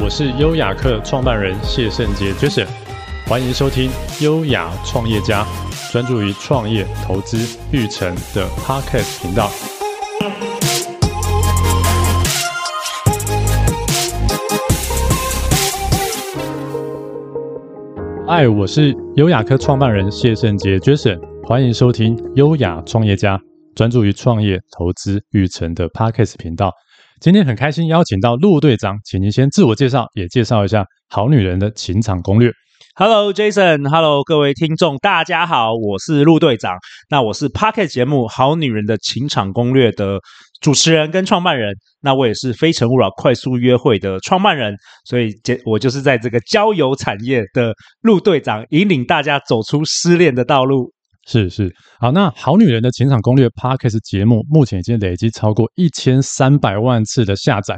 我是優雅客創辦人謝勝傑 Jason，歡迎收聽《優雅創業家》，專注於創業投資育成的 Podcast 頻道。嗨，Hi, 我是優雅客創辦人謝勝傑 Jason，歡迎收聽《優雅創業家》，專注於創業投資育成的 Podcast 頻道。今天很開心邀請到路隊長，請您先自我介紹，也介紹一下《好女人的情場攻略》。Hello Jason，Hello 各位聽眾，大家好，我是路隊長。那我是 Podcast 節目《好女人的情場攻略》的主持人跟創辦人，那我也是非誠勿擾快速約會的創辦人，所以結我就是在這個交友產業的路隊長，引領大家走出失戀的道路。是是好，那《好女人的情場攻略》Podcast 節目目前已經累積超過一千三百萬次的下載。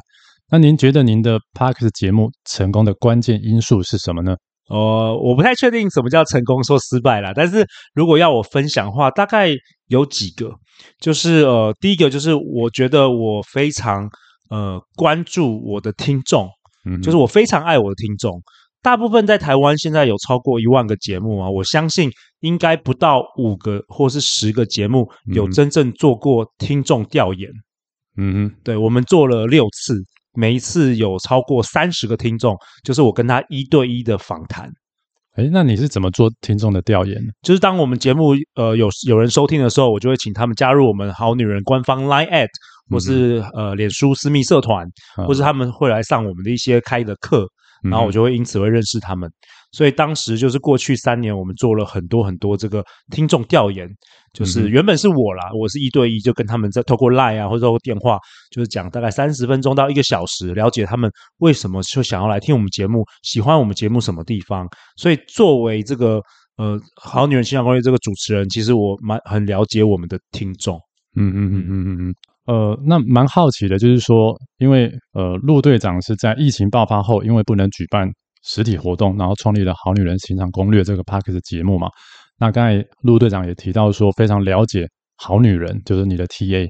那您覺得您的 Podcast 節目成功的關鍵因素是什麼呢？呃，我不太確定什麼叫成功，說失敗了。但是如果要我分享的話，大概有幾個，就是呃，第一個就是我覺得我非常呃關注我的聽眾、嗯，就是我非常愛我的聽眾。大部分在台灣現在有超過一萬個節目啊，我相信應該不到五個或是十個節目有真正做過聽眾調研。嗯哼，對，我們做了六次，每一次有超過三十個聽眾，就是我跟他一對一的訪談。哎、欸，那你是怎麼做聽眾的調研呢？就是當我們節目呃有有人收聽的時候，我就會請他們加入我們好女人官方 Line at，或是呃臉書私密社團、嗯，或是他們會來上我們的一些開的課。然後我就會因此會認識他們，嗯、所以當時就是過去三年，我們做了很多很多這個聽眾調研，就是原本是我啦，我是一對一就跟他們在透過 LINE 啊或者透過電話，就是講大概三十分鐘到一個小時，了解他們為什麼就想要來聽我們節目，喜歡我們節目什麼地方。所以作為這個呃好女人情場攻略這個主持人，其實我蠻很了解我們的聽眾。嗯嗯嗯嗯嗯嗯。呃，那蠻好奇的，就是說，因為呃，路隊長是在疫情爆發後，因為不能舉辦實體活動，然後創立了《好女人情場攻略》這個 Podcast 的節目嘛。那剛才路隊長也提到說，非常了解好女人，就是你的 TA。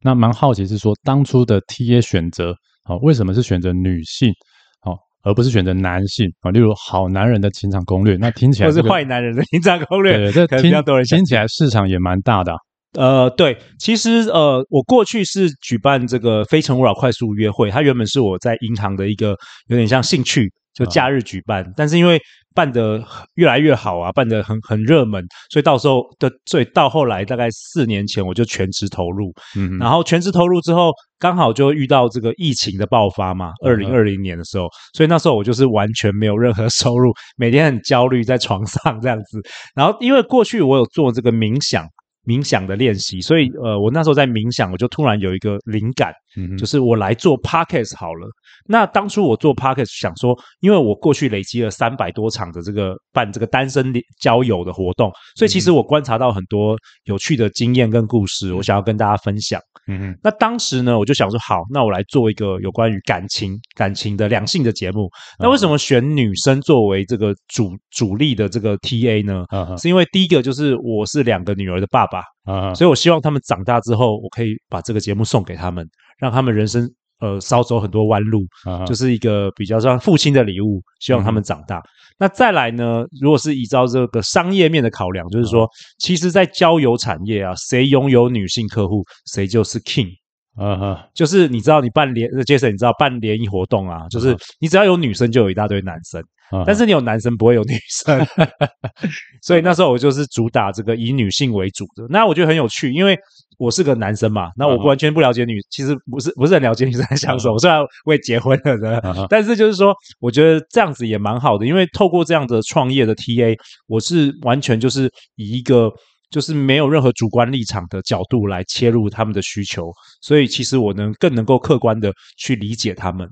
那蠻好奇是說，當初的 TA 選擇，好、啊、為什麼是選擇女性，好、啊、而不是選擇男性啊？例如《好男人的情場攻略》，那聽起來、這個、是壞男人的情場攻略，這聽聽起來市場也蠻大的、啊。呃，對，其實呃，我過去是舉辦這個非誠勿擾快速約會，它原本是我在銀行的一個有點像興趣，就假日舉辦、啊。但是因為辦得越來越好啊，辦得很很熱門，所以到時候的，所以到後來大概四年前，我就全職投入、嗯。然後全職投入之後，剛好就遇到這個疫情的爆發嘛，二零二零年的時候、嗯，所以那時候我就是完全沒有任何收入，每天很焦慮在床上這樣子。然後因為過去我有做這個冥想。冥想的練習，所以呃，我那時候在冥想，我就突然有一個靈感，就是我來做 podcast 好了。嗯、那當初我做 podcast 想說，因為我過去累積了三百多場的這個辦這個單身交友的活動，所以其實我觀察到很多有趣的經驗跟故事，嗯、我想要跟大家分享。嗯嗯。那當時呢，我就想說，好，那我來做一個有關於感情、感情的兩性的節目。那為什麼選女生作為這個主主力的這個 TA 呢、嗯？是因為第一個就是我是兩個女兒的爸爸。啊、uh -huh.，所以，我希望他們長大之後，我可以把這個節目送給他們，讓他們人生呃少走很多彎路，uh -huh. 就是一個比較像父親的禮物。希望他們長大。Uh -huh. 那再來呢？如果是依照這個商業面的考量，就是說，uh -huh. 其實，在交友產業啊，誰擁有女性客戶，誰就是 king。啊、uh -huh.，就是你知道，你辦聯，Jason，你知道辦聯誼活動啊，就是你只要有女生，就有一大堆男生。但是你有男生，不會有女生， 所以那時候我就是主打這個以女性為主的。那我覺得很有趣，因為我是個男生嘛，那我完全不了解女，其實不是不是很了解女生的相處。我雖然我也結婚了的，但是就是說，我覺得這樣子也蠻好的，因為透過這樣的創業的 TA，我是完全就是以一個就是沒有任何主觀立場的角度來切入他們的需求，所以其實我能更能夠客觀的去理解他們。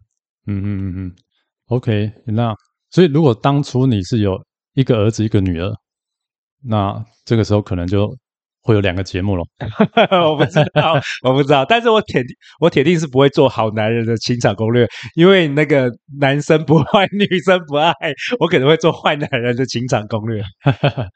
嗯哼嗯嗯嗯，OK，那。所以，如果當初你是有一個兒子一個女兒，那這個時候可能就會有兩個節目了。 我不知道，我不知道，但是我鐵定，我鐵定是不會做好男人的情場攻略，因為那個男生不壞，女生不愛，我可能會做壞男人的情場攻略。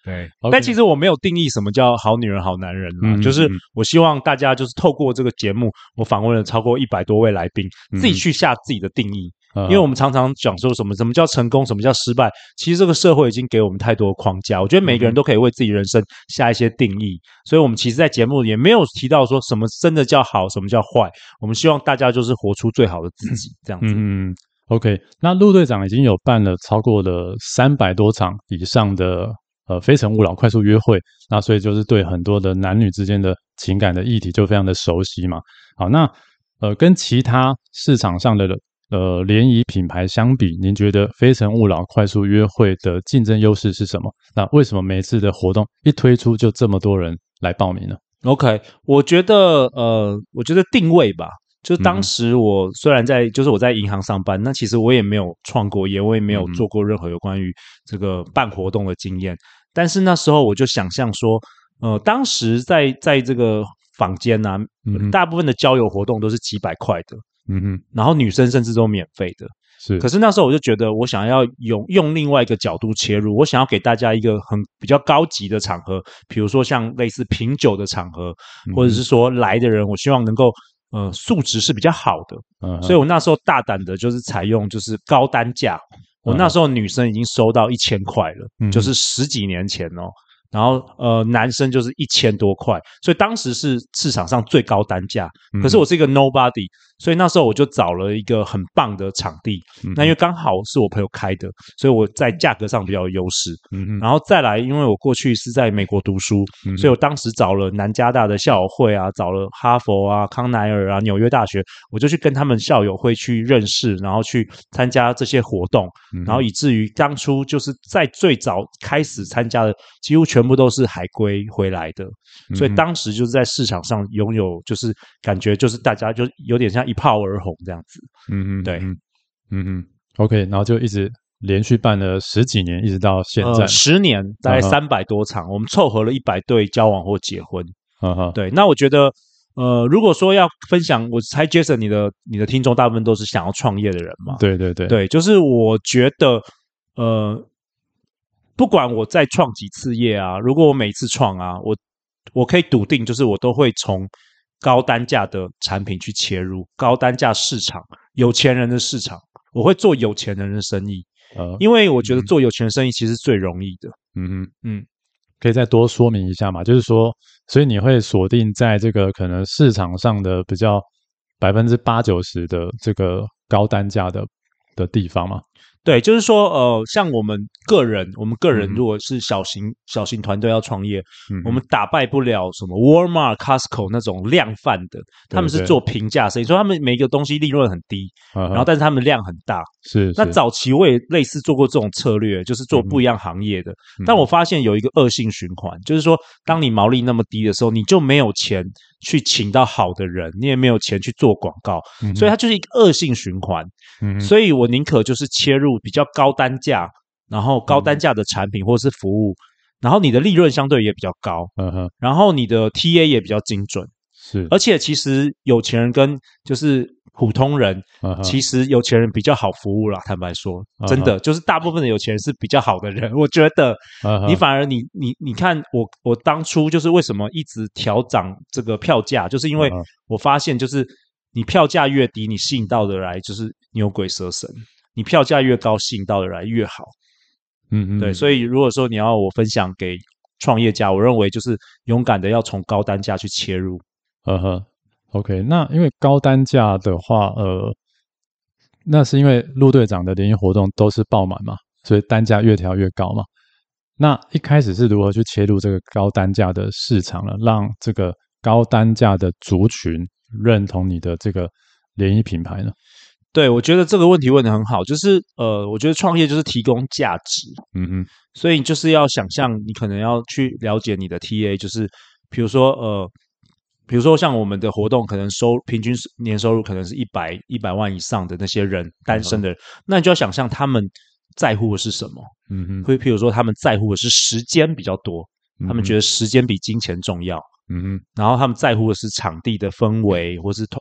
對，但其實我沒有定義什麼叫好女人、好男人嘛，嗯，就是我希望大家就是透過這個節目，我訪問了超過一百多位來賓，自己去下自己的定義。因為我們常常講說什麼、呃、什麼叫成功，什麼叫失敗？其實這個社會已經給我們太多的框架。我覺得每個人都可以為自己人生下一些定義。嗯、所以，我們其實，在節目裡也沒有提到說什麼真的叫好，什麼叫壞。我們希望大家就是活出最好的自己，嗯、這樣子。嗯，OK。那陸隊長已經有辦了超過了三百多場以上的呃非誠勿擾快速約會，那所以就是對很多的男女之間的情感的議題就非常的熟悉嘛。好，那呃，跟其他市場上的，呃，聯誼品牌相比，您覺得非誠勿擾快速約會的競爭優勢是什麼？那為什麼每次的活動一推出就這麼多人來報名呢？OK，我覺得，呃，我覺得定位吧，就當時我雖然在，嗯、就是我在銀行上班，那其實我也沒有創過業，也我也沒有做過任何有關於這個辦活動的經驗、嗯，但是那時候我就想象說，呃，當時在在這個坊間呢、啊嗯呃，大部分的交友活動都是幾百塊的。嗯，然後女生甚至都免費的，是。可是那時候我就覺得，我想要用用另外一個角度切入，我想要給大家一個很比較高級的場合，比如說像類似品酒的場合，嗯、或者是說，來的人，我希望能夠呃素質是比較好的、嗯。所以我那時候大膽的就是採用就是高單價、嗯，我那時候女生已經收到一千塊了、嗯，就是十幾年前哦，然後呃男生就是一千多塊，所以當時是市場上最高單價、嗯。可是我是一個 nobody。所以那時候我就找了一個很棒的場地，嗯、那因為剛好是我朋友開的，所以我在價格上比較有優勢。嗯，然後再來，因為我過去是在美國讀書、嗯，所以我當時找了南加大的校友會啊，找了哈佛啊、康乃爾啊、紐約大學，我就去跟他們校友會去認識，然後去參加這些活動，嗯、然後以至於當初就是在最早開始參加的，幾乎全部都是海歸回來的，所以當時就是在市場上擁有，就是感覺就是大家就有點像。一炮而紅這樣子，嗯嗯，對，嗯嗯，OK，然後就一直連續辦了十幾年，一直到現在、呃、十年，大概三百多場、啊，我們湊合了一百對交往或結婚，嗯、啊、對。那我覺得，呃，如果說要分享，我猜 Jason 你的你的聽眾大部分都是想要創業的人嘛？對對對，對，就是我覺得，呃，不管我再創幾次業啊，如果我每一次創啊，我我可以篤定，就是我都會從。高單價的產品去切入高單價市場，有錢人的市場，我會做有錢人的生意。呃，因為我覺得做有錢的生意其實是最容易的。嗯嗯嗯，可以再多說明一下嘛？就是說，所以你會鎖定在這個可能市場上的比較百分之八九十的這個高單價的的地方嗎？.對，就是說，呃，像我們個人，我們個人如果是小型、嗯、小型團隊要創業、嗯，我們打敗不了什麼 Walmart、Costco 那種量販的。對對，他們是做平價的生意，所以他們每一個東西利潤很低、啊，然後但是他們量很大。是，是，那早期我也類似做過這種策略，就是做不一樣行業的，嗯、但我發現有一個惡性循環，就是說，當你毛利那麼低的時候，你就沒有錢。去請到好的人，你也沒有錢去做廣告，嗯、所以它就是一個惡性循環、嗯。所以我寧可就是切入比較高單價，然後高單價的產品或是服務，嗯、然後你的利潤相對也比較高、嗯。然後你的 TA 也比較精準。是，而且其實有錢人跟就是。普通人、uh -huh. 其實有錢人比較好服務啦。Uh -huh. 坦白說，真的、uh -huh. 就是大部分的有錢人是比較好的人。我覺得，你反而你、uh -huh. 你你，你看我，我我當初就是為什麼一直調漲這個票價，就是因為我發現，就是你票價越低，你吸引到的來就是牛鬼蛇神；你票價越高，吸引到的來越好。嗯嗯，對。所以如果說你要我分享給創業家，我認為就是勇敢的要從高單價去切入。呵呵。OK，那因為高單價的話，呃，那是因為陸隊長的聯誼活動都是爆滿嘛，所以單價越調越高嘛。那一開始是如何去切入這個高單價的市場呢？讓這個高單價的族群認同你的這個聯誼品牌呢？對，我覺得這個問題問得很好，就是呃，我覺得創業就是提供價值，嗯嗯，所以就是要想象，你可能要去了解你的 TA，就是譬如說呃。比如說，像我們的活動可能收平均年收入可能是一百一百萬以上的那些人，單身的人、嗯，那你就要想象他們在乎的是什麼？嗯哼，會，譬如說他們在乎的是時間比較多、嗯，他們覺得時間比金錢重要。嗯哼，然後他們在乎的是場地的氛圍，嗯、或是同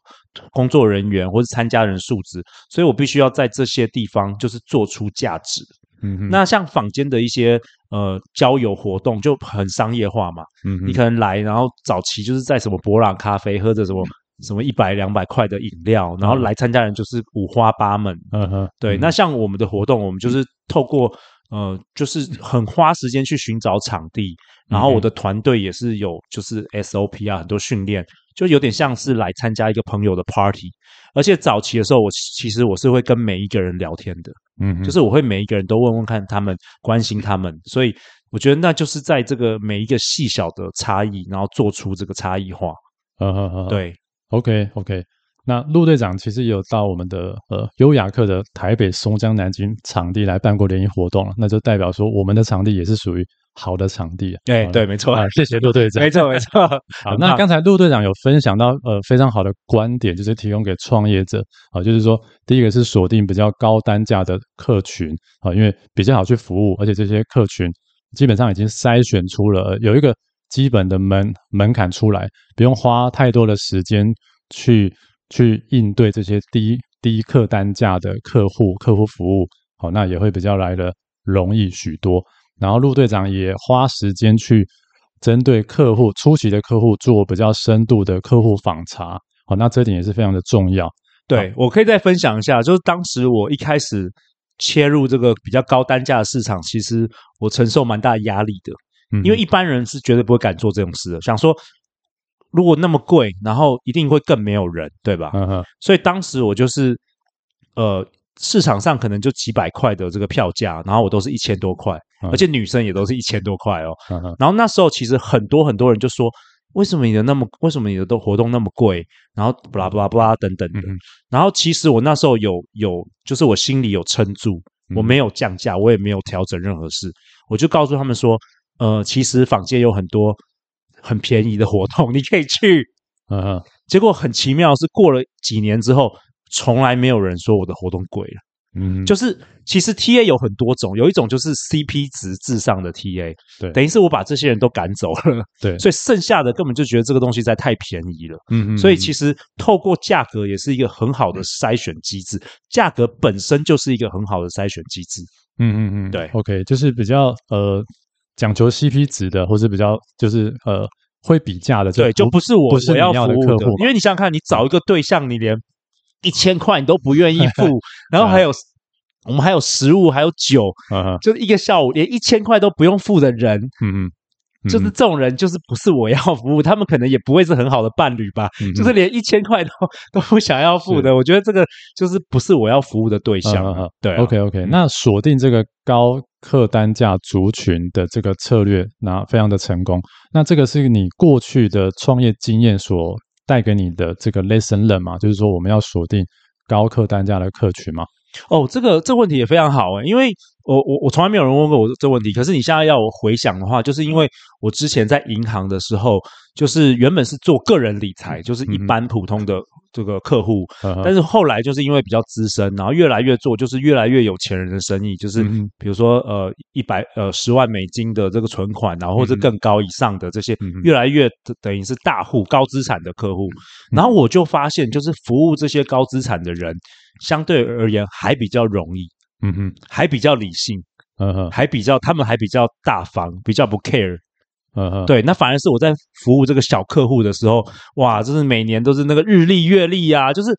工作人員，或是參加人的素質，所以我必須要在這些地方就是做出價值。嗯哼，那像坊間的一些。呃，交友活動就很商業化嘛。嗯，你可能來，然後早期就是在什麼伯朗咖啡喝着什麼什麼一百兩百塊的飲料，嗯，然後來參加人就是五花八門。嗯哼，對，嗯。那像我們的活動，我們就是透過呃，就是很花時間去尋找場地，然後我的團隊也是有就是 SOP 啊，很多訓練，就有點像是來參加一個朋友的 party。而且早期的時候，我其實我是會跟每一個人聊天的。嗯， 就是我會每一個人都問問看他們，關心他們，所以我覺得那就是在這個每一個細小的差異，然後做出這個差異化。嗯啊啊！對，OK OK。那陸隊長其實也有到我們的呃優雅客的台北松江南京場地來辦過聯誼活動了，那就代表說我們的場地也是屬於。好的場地，啊，哎，啊，對，沒錯，啊，謝謝路隊長，沒，沒錯，沒錯。好，啊，那剛才路隊長有分享到，呃，非常好的觀點，就是提供給創業者啊，就是說，第一個是鎖定比較高單價的客群啊，因為比較好去服務，而且這些客群基本上已經篩選出了有一個基本的門門檻出來，不用花太多的時間去去應對這些低低客單價的客戶客戶服務，好，啊，那也會比較來得容易許多。然後陸隊長也花時間去針對客戶初期的客戶做比較深度的客戶訪查，好，那這點也是非常的重要。對、啊、我可以再分享一下，就是當時我一開始切入這個比較高單價的市場，其實我承受蠻大的壓力的，嗯、因為一般人是絕對不會敢做這種事的。想說如果那麼貴，然後一定會更沒有人，對吧？呵呵，所以當時我就是呃市場上可能就幾百塊的這個票價，然後我都是一千多塊。而且女生也都是一千多塊哦，然後那時候其實很多很多人就說，為什麼你的那麼為什麼你的都活動那麼貴？然後不啦不啦不啦等等的。然後其實我那時候有有就是我心裡有撐住，我沒有降價，我也沒有調整任何事，我就告訴他們說，呃，其實坊間有很多很便宜的活動，你可以去。嗯，結果很奇妙，是過了幾年之後，從來沒有人說我的活動貴了。嗯，就是其實 TA 有很多種，有一種就是 CP 值至上的 TA，對，等於是我把這些人都趕走了，對，所以剩下的根本就覺得這個東西在太便宜了，嗯嗯，嗯，所以其實透過價格也是一個很好的篩選機制，嗯、價格本身就是一個很好的篩選機制，嗯嗯嗯，對，OK，就是比較呃講求 CP 值的，或是比較就是呃會比價的，對，就，就不是我我要服務的，的客戶，因為你想想看你找一個對象，你連，一千塊你都不願意付嘿嘿，然後還有、啊、我們還有食物，還有酒、啊，就是一個下午連一千塊都不用付的人，嗯，嗯，就是這種人就是不是我要服務、嗯，他們可能也不會是很好的伴侶吧。嗯、就是連一千塊都都不想要付的，我覺得這個就是不是我要服務的對象。啊、哈哈對、啊、OK OK，嗯、那鎖定這個高客單價族群的這個策略，那非常的成功。那這個是你過去的創業經驗所帶給你的這個 lesson learn 嘛，就是說我們要鎖定高客單價的客群嘛。哦，這個這個問題也非常好誒，因為我我我從來沒有人問過我這問題，可是你現在要我回想的話，就是因為我之前在銀行的時候，就是原本是做個人理財，就是一般普通的。嗯這個客戶，uh-huh. 但是後來就是因為比較資深，然後越來越做，就是越來越有錢人的生意，就是比如說呃一百呃十萬美金的這個存款，然後或者更高以上的這些，uh-huh. 越來越等等於是大戶高資產的客戶。Uh-huh. 然後我就發現，就是服務這些高資產的人，相對而言還比較容易，嗯、uh-huh. 還比較理性，嗯、uh-huh. 還比較他們還比較大方，比較不 care。嗯，對，那反而是我在服務這個小客戶的時候，哇，就是每年都是那個日曆月曆啊，就是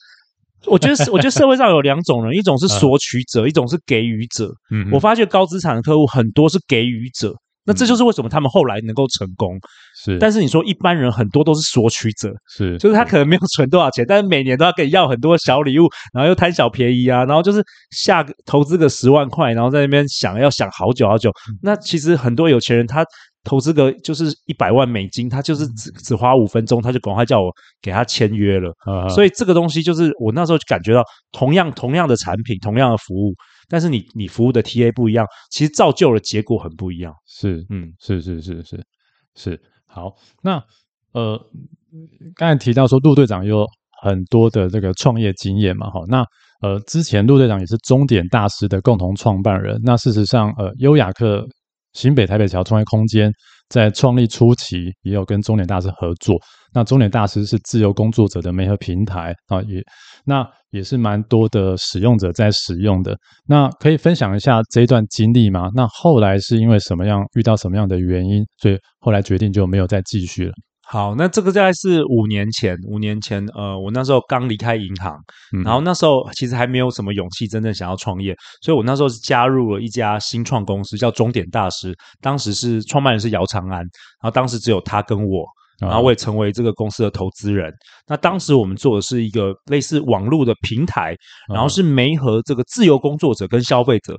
我覺得，我覺得社會上有兩種人，一種是索取者呵呵，一種是給予者。嗯，我發覺高資產的客戶很多是給予者。那這就是為什麼他們後來能夠成功。是，但是你說一般人很多都是索取者，是，就是他可能沒有存多少錢，但是每年都要給要很多小禮物，然後又貪小便宜啊，然後就是下個投資個十萬塊，然後在那邊想要想好久好久。那其實很多有錢人，他投資個就是一百萬美金，他就是只只花五分鐘，他就趕快叫我給他簽約了。所以這個東西就是我那時候就感覺到，同樣同樣的產品，同樣的服務。但是你你服務的 TA 不一樣，其實造就的結果很不一樣。是，嗯，是是是是是，好。那呃，剛才提到說陸隊長有很多的這個創業經驗嘛，哈。那呃，之前陸隊長也是終點大師的共同創辦人。那事實上，呃，優雅客、新北台北橋創業空間。在創立初期，也有跟鐘點大師合作。那鐘點大師是自由工作者的媒合平台啊，也那也是蠻多的使用者在使用的。那可以分享一下這一段經歷嗎？那後來是因為什麼樣，遇到什麼樣的原因，所以後來決定就沒有再繼續了。好，那這個大概是五年前，五年前，呃，我那時候剛離開銀行，嗯、然後那時候其實還沒有什麼勇氣，真正想要創業，所以我那時候是加入了一家新創公司，叫鐘點大師，當時是創辦人是姚長安，然後當時只有他跟我，然後我也成為這個公司的投資人。嗯、那當時我們做的是一個類似網絡的平台，然後是媒合這個自由工作者跟消費者。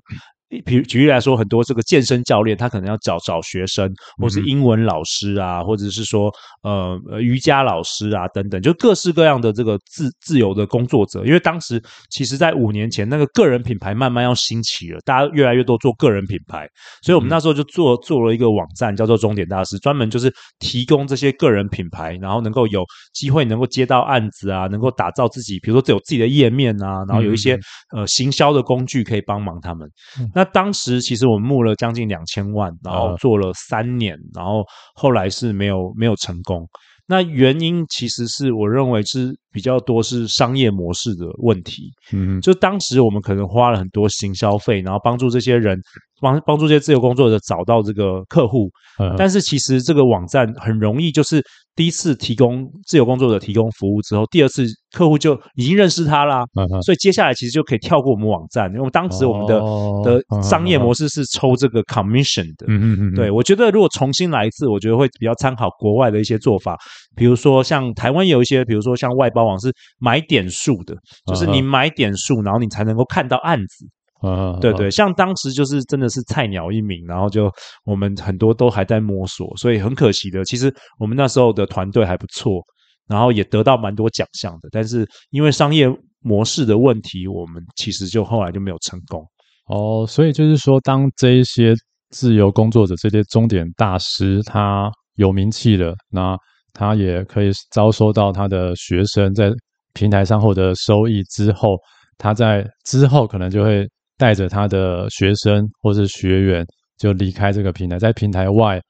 比舉例來說，很多這個健身教練，他可能要找找學生，或是英文老師啊，或者是說呃瑜伽老師啊等等，就各式各樣的這個自自由的工作者。因為當時其實，在五年前，那個個人品牌慢慢要興起了，大家越來越多做個人品牌，所以我們那時候就做，嗯、做了一個網站，叫做“終點大師”，專門就是提供這些個人品牌，然後能夠有機會能夠接到案子啊，能夠打造自己，比如說有自己的頁面啊，然後有一些嗯嗯嗯呃行銷的工具可以幫忙他們。嗯那當時其實我募了將近兩千萬，然後做了三年，然後後來是沒有沒有成功。那原因其實是我認為是。比較多是商業模式的問題，嗯，就當時我們可能花了很多行銷費，然後幫助這些人，幫，幫助這些自由工作者找到這個客戶，嗯，但是其實這個網站很容易，就是第一次提供自由工作者提供服務之後，第二次客戶就已經認識他啦、啊嗯嗯。嗯，所以接下來其實就可以跳過我們網站，因為當時我們的、哦、的商業模式是抽這個 commission 的，嗯嗯嗯，對，我覺得如果重新來一次，我覺得會比較參考國外的一些做法。比如說，像台灣有一些，比如說像外包網是買點數的，就是你買點數，然後你才能夠看到案子。啊，對對，像當時就是真的是菜鳥一名，然後就我們很多都還在摸索，所以很可惜的，其實我們那時候的團隊還不錯，然後也得到蠻多獎項的，但是因為商業模式的問題，我們其實就後來就沒有成功。哦，所以就是說，當這一些自由工作者、這些終點大師，他有名氣了，那他也可以招收到他的學生，在平台上獲得收益之後，他在之後可能就會帶着他的學生或是學員就離開這個平台，在平台外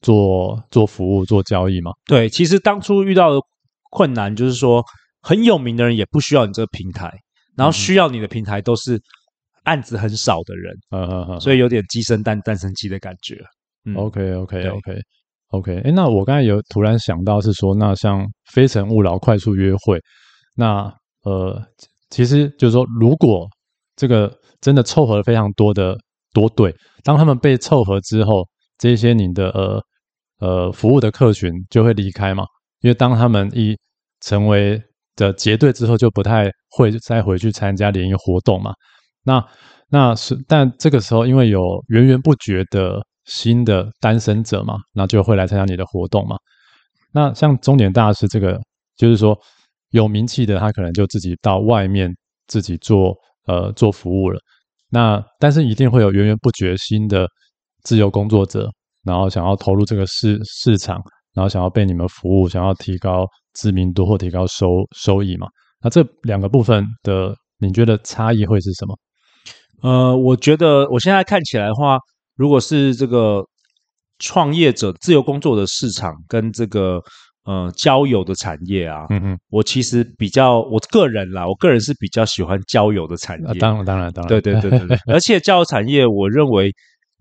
做做服務、做交易嘛。對，其實當初遇到的困難就是說，很有名的人也不需要你這個平台，然後需要你的平台都是案子很少的人，嗯嗯嗯，所以有點雞生蛋、蛋生雞的感覺。OK，OK，OK，嗯。Okay, okay, okay. OK，哎，那我剛才有突然想到是說，那像非誠勿擾、快速約會，那呃，其實就是說，如果這個真的湊合了非常多的多對，當他們被湊合之後，這些你的呃呃服務的客群就會離開嘛，因為當他們一成為的結對之後，就不太會再回去參加聯誼活動嘛。那那是，但這個時候因為有源源不絕的。新的單身者嘛，那就會來參加你的活動嘛。那像中年大師這個，就是說有名氣的，他可能就自己到外面自己做呃做服務了。那但是一定會有源源不絕新的自由工作者，然後想要投入這個市市場，然後想要被你們服務，想要提高知名度或提高收收益嘛。那這兩個部分的，你覺得差異會是什麼？呃，我覺得我現在看起來的話。如果是這個創業者自由工作的市場，跟這個呃交友的產業啊，嗯嗯，我其實比較我個人啦，我個人是比較喜歡交友的產業，當然當然當然，對對對對，而且交友產業，我認為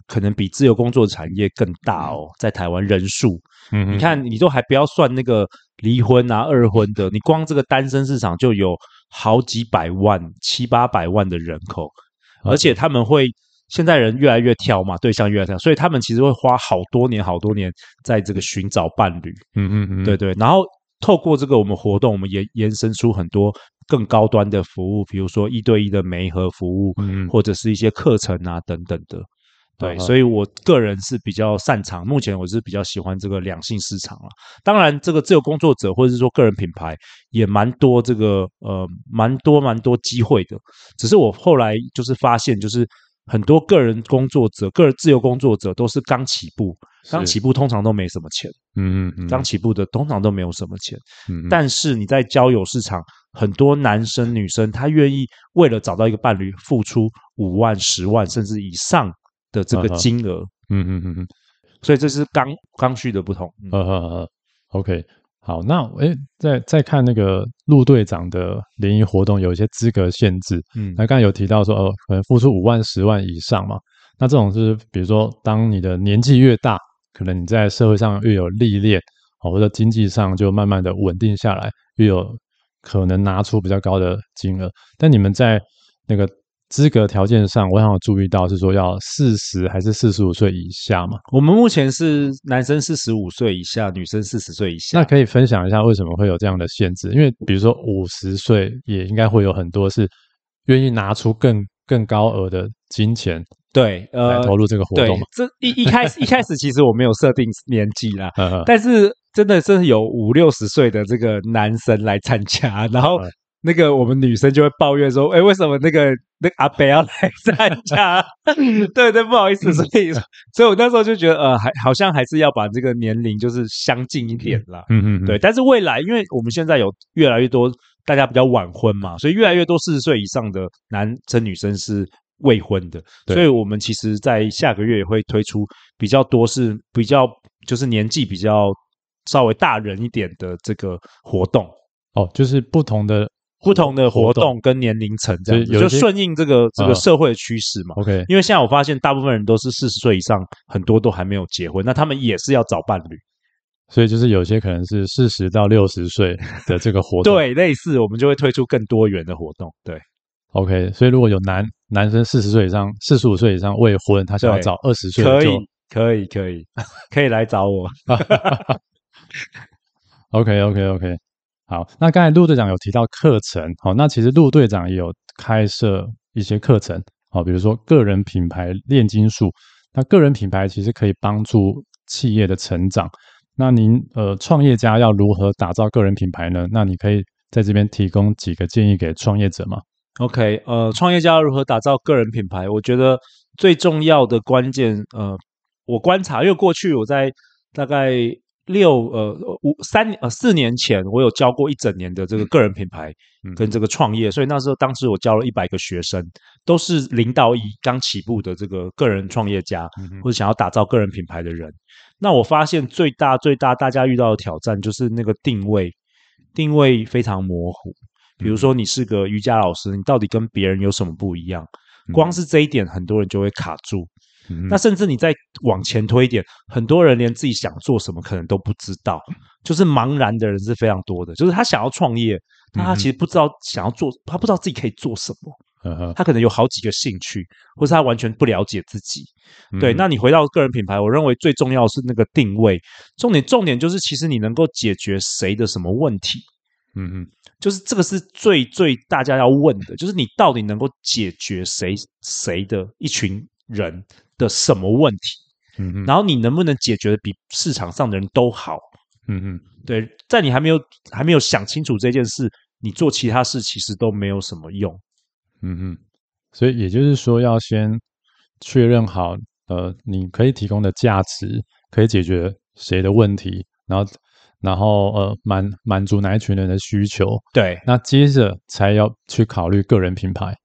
可能比自由工作的產業更大哦，在台灣人數，你看，你都還不要算那個離婚啊、二婚的，你光這個單身市場就有好幾百萬、七八百萬的人口，而且他們會。現在人越來越挑嘛，對象越來越挑，所以他們其實會花好多年、好多年在這個尋找伴侶。嗯嗯嗯，對對。然後透過這個我們活動，我們也延伸出很多更高端的服務，比如說一對一的媒合服務、嗯，或者是一些課程啊等等的、嗯。對，所以我個人是比較擅長，目前我是比較喜歡這個兩性市場了、啊。當然，這個自由工作者或者是說個人品牌也蠻多這個呃蠻多蠻多機會的。只是我後來就是發現就是。很多個人工作者，個人自由工作者都是剛起步，剛起步通常都沒什麼錢。嗯嗯，剛起步的通常都沒有什麼錢。嗯，嗯，但是你在交友市場，很多男生女生他願意為了找到一個伴侶，付出五萬、十萬甚至以上的這個金額。啊。嗯哼嗯嗯嗯，所以這是剛剛需的不同。嗯。啊啊啊！OK。好，那哎，再再看那個路隊長的聯誼活動，有一些資格限制。嗯，那剛才有提到說，呃，可能付出五萬、十萬以上嘛。那這種是，比如說，當你的年紀越大，可能你在社會上越有歷練，或者經濟上就慢慢的穩定下來，越有可能拿出比較高的金額。但你們在那個，資格條件上，我想有注意到是說要四十還是四十五歲以下嘛？我們目前是男生四十五歲以下，女生四十歲以下。那可以分享一下為什麼會有這樣的限制？因為比如說五十歲也應該會有很多是願意拿出更更高額的金錢，對，呃，來投入這個活動嘛、呃。這一一開始一開始其實我沒有設定年紀啦 呵呵，但是真的真的有五六十歲的這個男生來參加，然後。那個我們女生就會抱怨說：“哎，為什麼那個那個、阿北要來參加？” 對對，不好意思，所 以所以，所以我那時候就覺得，呃，還好像還是要把這個年齡就是相近一點啦。嗯嗯，對。但是未來，因為我們現在有越來越多大家比較晚婚嘛，所以越來越多四十歲以上的男生女生是未婚的。對。所以我們其實，在下個月也會推出比較多是比較就是年紀比較稍微大人一點的這個活動哦，就是不同的。不同的活動跟年齡層這樣，就順應這個這個社會的趨勢嘛、嗯。OK，因為現在我發現大部分人都是四十歲以上，很多都還沒有結婚，那他們也是要找伴侶，所以就是有些可能是四十到六十歲的這個活動 對，類似我們就會推出更多元的活動。對，OK，所以如果有男男生四十歲以上，四十五歲以上未婚，他想要找二十歲的，可以，可以，可以，可以來找我。 OK，OK，OK，okay, okay, okay。好，那剛才路隊長有提到課程，好、哦，那其實路隊長也有開設一些課程，好、哦，比如說個人品牌煉金術，那個人品牌其實可以幫助企業的成長。那您呃，創業家要如何打造個人品牌呢？那你可以在這邊提供幾個建議給創業者嗎？OK，呃，創業家如何打造個人品牌？我覺得最重要的關鍵，呃，我觀察，因為過去我在大概。六呃，五三呃，四年前，我有教過一整年的這個個人品牌跟這個創業，嗯、所以那時候當時我教了一百個學生，都是零到一剛起步的這個個人創業家，嗯、或者想要打造個人品牌的人。那我發現最大最大大家遇到的挑戰就是那個定位，定位非常模糊。比如說你是個瑜伽老師，你到底跟別人有什麼不一樣？光是這一點，很多人就會卡住。嗯嗯、那甚至你再往前推一點，很多人連自己想做什麼可能都不知道，就是茫然的人是非常多的。就是他想要創業，但、嗯、他其實不知道想要做，他不知道自己可以做什麼。嗯、他可能有好幾個興趣，或是他完全不了解自己。嗯、對，那你回到個人品牌，我認為最重要的是那個定位。重點重點就是，其實你能夠解決誰的什麼問題？嗯嗯，就是這個是最最大家要問的，就是你到底能夠解決誰誰的一群。人的什麼問題？嗯嗯，然後你能不能解決的比市場上的人都好？嗯嗯，對，在你還沒有還沒有想清楚這件事，你做其他事其實都沒有什麼用。嗯嗯，所以也就是說，要先確認好，呃，你可以提供的價值，可以解決誰的問題，然後，然後呃，滿滿足哪一群人的需求。對，那接着才要去考慮個人品牌。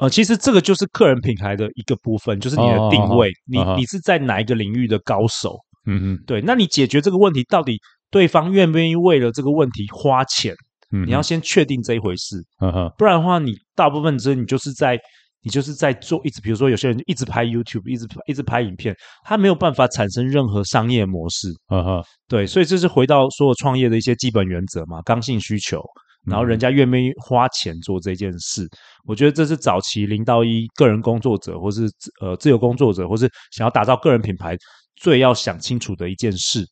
呃，其實這個就是個人品牌的一個部分，就是你的定位，哦哦哦你哦哦你，你是在哪一個領域的高手？嗯嗯，對。那你解決這個問題，到底對方願不願意為了這個問題花錢？嗯，你要先確定這一回事。嗯、哦、哼、哦，不然的話你，你大部分之，就是、你就是在你就是在做，一直比如說有些人就一直拍 YouTube，一直一直拍影片，他沒有辦法產生任何商業模式。嗯、哦、哼、哦，對。所以這是回到說我創業的一些基本原則嘛，剛性需求。然後人家願不願意花錢做這件事，我覺得這是早期零到一個人工作者，或是呃自由工作者，或是想要打造個人品牌，最要想清楚的一件事。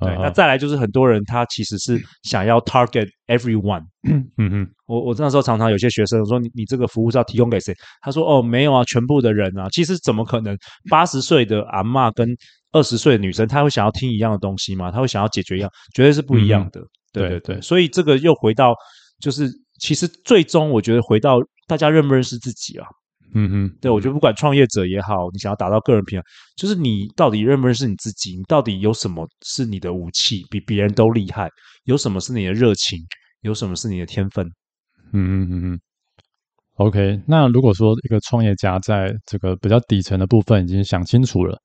對、啊，啊、那再來就是很多人他其實是想要 target everyone 嗯。嗯嗯，我我那時候常常有些學生說你，你這個服務是要提供給誰？他說哦沒有啊，全部的人啊。其實怎麼可能？八十歲的阿嬤跟二十歲的女生，他會想要聽一樣的東西嗎？他會想要解決一樣，絕對是不一樣的。嗯對對，對，對，對對，所以這個又回到，就是其實最終我覺得回到大家認不認識自己啊，嗯嗯，對，我覺得不管創業者也好，你想要打造個人品牌就是你到底認不認識你自己，你到底有什麼是你的武器比別人都厲害，有什麼是你的熱情，有什麼是你的天分，嗯哼嗯嗯嗯，OK，那如果說一個創業家在這個比較底層的部分已經想清楚了，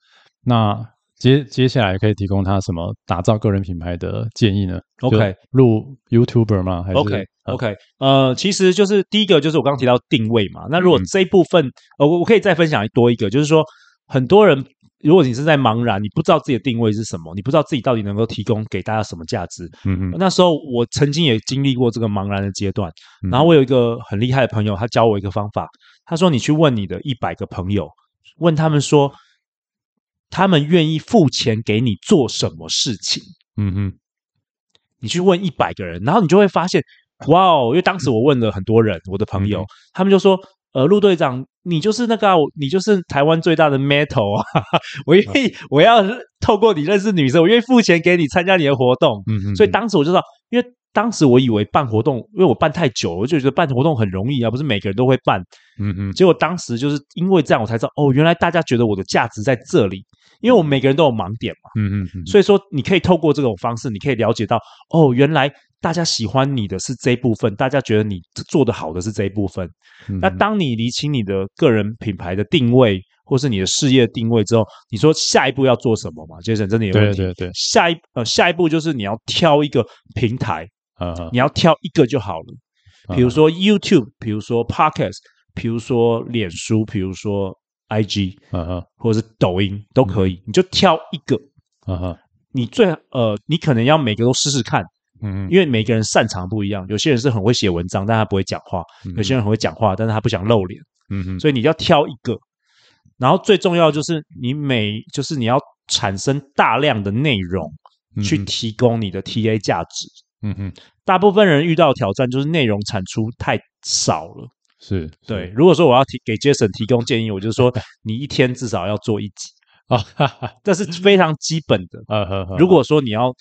那。接接下來可以提供他什麼打造個人品牌的建議呢？OK，錄 YouTuber 嗎？還是 OK OK？呃，其實就是第一個就是我剛剛提到定位嘛。那如果這一部分，嗯、呃，我我可以再分享多一個，就是說很多人如果你是在茫然，你不知道自己的定位是什麼，你不知道自己到底能夠提供給大家什麼價值。嗯嗯。那時候我曾經也經歷過這個茫然的階段，然後我有一個很厲害的朋友，他教我一個方法，他說你去問你的一百個朋友，問他們說，他們願意付錢給你做什麼事情？嗯哼，你去問一百個人，然後你就會發現，哇哦！因為當時我問了很多人，嗯、我的朋友、嗯、他們就說：“呃，路隊長，你就是那個、啊，你就是台灣最大的 metal 啊！哈哈我願意、啊，我要透過你認識女生，我願意付錢給你參加你的活動。”嗯哼。所以當時我就知道，因為當時我以為辦活動，因為我辦太久，我就覺得辦活動很容易啊，不是每個人都會辦。嗯哼。結果當時就是因為這樣，我才知道哦，原來大家覺得我的價值在這裡。因為我們每個人都有盲點嘛，嗯嗯嗯，所以說你可以透過這種方式，你可以了解到，哦，原來大家喜歡你的是這一部分，大家覺得你做得好的是這一部分。嗯、那當你釐清你的個人品牌的定位，或是你的事業定位之後，你說下一步要做什麼嘛？杰森真的有問題。對對對，下一呃下一步就是你要挑一個平台啊，你要挑一個就好了，呵呵比如說 YouTube，比如說 Podcast，比如說臉書，比如說。IG，嗯嗯，或者是抖音都可以，uh -huh. 你就挑一個，嗯哼，你最呃，你可能要每個都試試看，嗯嗯，因為每個人擅長不一樣，有些人是很會寫文章，但他不會講話，uh -huh. 有些人很會講話，但是他不想露臉，嗯哼，所以你要挑一個，uh -huh. 然後最重要的就是你每就是你要產生大量的內容，去提供你的 TA 價值，嗯哼，大部分人遇到的挑戰就是內容產出太少了。是,是對，如果說我要提給 Jason 提供建議，我就說你一天至少要做一集啊，這是非常基本的。呃、啊啊啊，如果說你要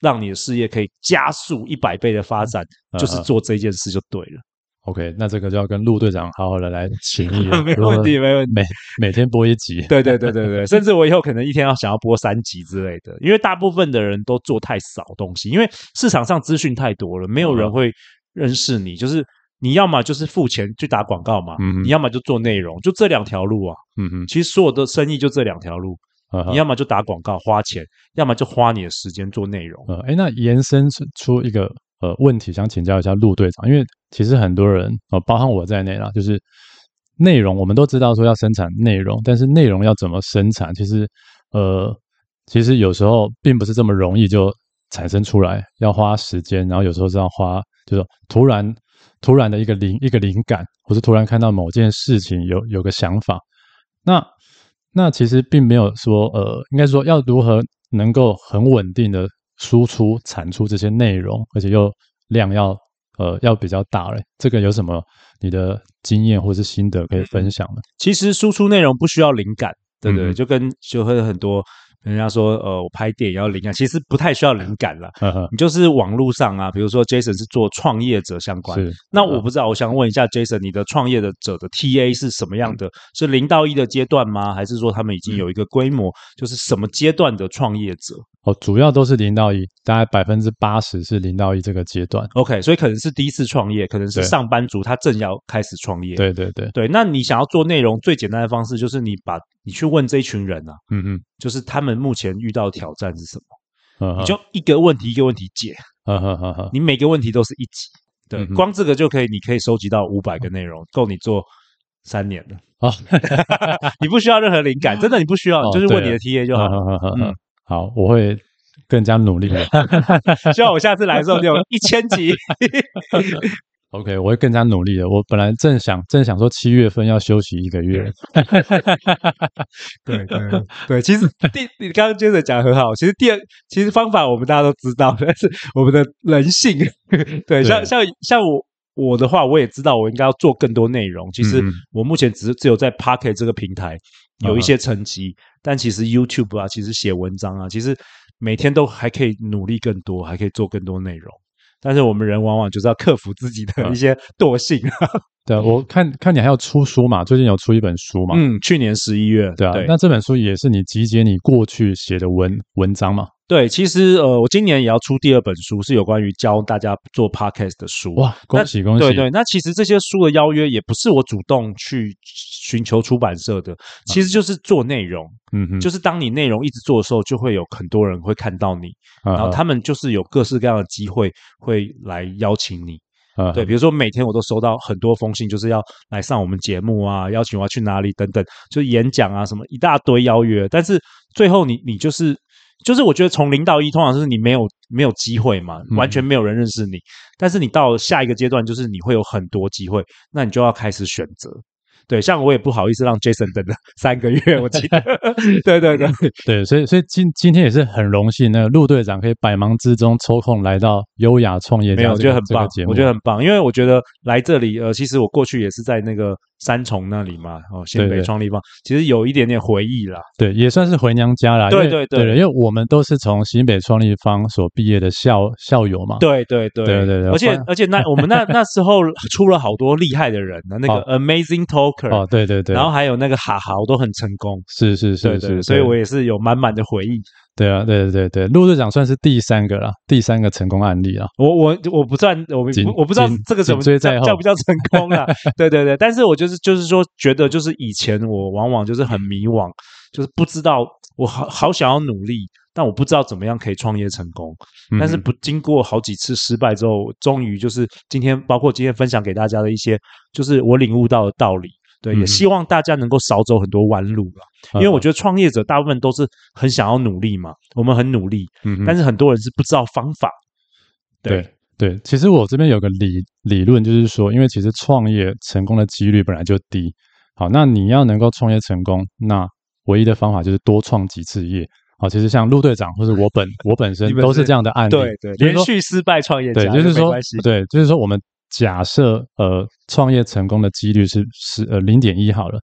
讓你的事業可以加速一百倍的發展、啊啊，就是做這件事就對了、啊啊啊。OK，那這個就要跟陸隊長好好的來請你。點，沒問題，沒問題。每每天播一集，對,對對對對對，甚至我以後可能一天要想要播三集之類的，因為大部分的人都做太少東西，因為市場上資訊太多了，沒有人會認識你，啊、就是。你要麼就是付錢去打廣告嘛，嗯、你要麼就做內容、嗯，就這兩條路啊、嗯。其實所有的生意就這兩條路，嗯、你要麼就打廣告、嗯、花錢，要麼就花你的時間做內容。呃，誒，那延伸出一個呃問題，想請教一下路隊長，因為其實很多人，呃，包含我在內啦，就是內容，我們都知道說要生產內容，但是內容要怎麼生產，其實呃，其實有時候並不是這麼容易就產生出來，要花時間，然後有時候是要花，就是突然。突然的一個靈一個靈感，或是突然看到某件事情有有個想法，那那其實並沒有說，呃，應該說要如何能夠很穩定的輸出產出這些內容，而且又量要呃要比較大嘞？這個有什麼你的經驗或是心得可以分享呢？其實輸出內容不需要靈感，對不對？嗯、就跟就會很多。人家說，呃，我拍電影要靈感，其實不太需要靈感了。你就是網絡上啊，比如說 Jason 是做創業者相關是，那我不知道、嗯，我想問一下 Jason，你的創業的者的 TA 是什麼樣的？嗯、是零到一的階段嗎？還是說他們已經有一個規模？嗯、就是什麼階段的創業者？哦，主要都是零到一，大概百分之八十是零到一這個階段。OK，所以可能是第一次創業，可能是上班族他正要開始創業。對對，對對，對。那你想要做內容，最簡單的方式就是你把你去問這一群人啊。嗯嗯。就是他們目前遇到的挑戰是什麼呵呵？你就一個問題一個問題解。呵呵你每個問題都是一集，對，光這個就可以，你可以收集到五百個內容、嗯，夠你做三年了。啊、哦， 你不需要任何靈感、哦，真的你不需要，哦、就是問你的 TA 就好、哦嗯呵呵。好，我會更加努力的。 希望我下次來的時候，你有一千集。 OK，我會更加努力的。我本來正想正想說七月份要休息一個月。對 對對，對，對，其實 第你剛剛接着講得很好。其實第二，其實方法我們大家都知道，但是我們的人性， 對,對，像像像我我的話，我也知道我應該要做更多內容。其實我目前只、嗯嗯、只有在 Podcast 這個平台有一些成績，Uh-huh. 但其實 YouTube 啊，其實寫文章啊，其實每天都還可以努力更多，還可以做更多內容。但是我們人往往就是要克服自己的一些惰性，啊。 對，我看看你還要出書嘛？最近有出一本書嘛？嗯，去年十一月。對啊對，那這本書也是你集結你過去寫的文文章嘛？對，其實呃，我今年也要出第二本書，是有關於教大家做 podcast 的書。哇，恭喜恭喜！對對，那其實這些書的邀約也不是我主動去尋求出版社的，其實就是做內容。嗯、啊、嗯，就是當你內容一直做的時候，就會有很多人會看到你，啊、然後他們就是有各式各樣的機會會來邀請你。對，比如說每天我都收到很多封信，就是要來上我們節目啊，邀請我要去哪裡等等，就是演講啊什麼一大堆邀約。但是最後你你就是就是我覺得從零到一，通常是你沒有沒有機會嘛，完全沒有人認識你。嗯。但是你到了下一個階段，就是你會有很多機會，那你就要開始選擇。對，像我也不好意思讓 Jason 等了三個月，我記得。 對對對對，對所以所以今今天也是很榮幸，那個陸隊長可以百忙之中抽空來到優雅創業、這個，沒有我覺得很棒、這個，我覺得很棒，因為我覺得來這裡，呃，其實我過去也是在那個三重那裡嘛，哦，新北創立方對對，其實有一點點回憶啦。對，也算是回娘家來、嗯、對對對，對，對，對，因為我們都是從新北創立方所畢業的校校友嘛。對對對對，對對，而且 而且那我們那那時候出了好多厲害的人， 那個 Amazing Talk。哦，對對對，然後還有那個哈豪哈都很成功，是是是是，對對對是，是，是，所以我也是有滿滿的回憶。對啊，對對對，路隊長算是第三個了，第三個成功案例了。我我我不算我，我不知道這個怎麼追叫叫不叫成功啊。 對對對，但是我就是就是說，覺得就是以前我往往就是很迷惘， 就是不知道我好好想要努力，但我不知道怎麼樣可以創業成功。嗯、但是不經過好幾次失敗之後，終於就是今天，包括今天分享給大家的一些，就是我領悟到的道理。對，也希望大家能夠少走很多彎路吧，嗯。因為我覺得創業者大部分都是很想要努力嘛，嗯、我們很努力，嗯，但是很多人是不知道方法。對，對，對，其實我這邊有個理理論，就是說，因為其實創業成功的幾率本來就低。好，那你要能夠創業成功，那唯一的方法就是多創幾次業。好，其實像陸隊長或者我本 我本身都是這樣的案例，對對，連續失敗創業家對，對，就是說，對，就是說我們。假設呃創業成功的幾率是十呃零點一好了，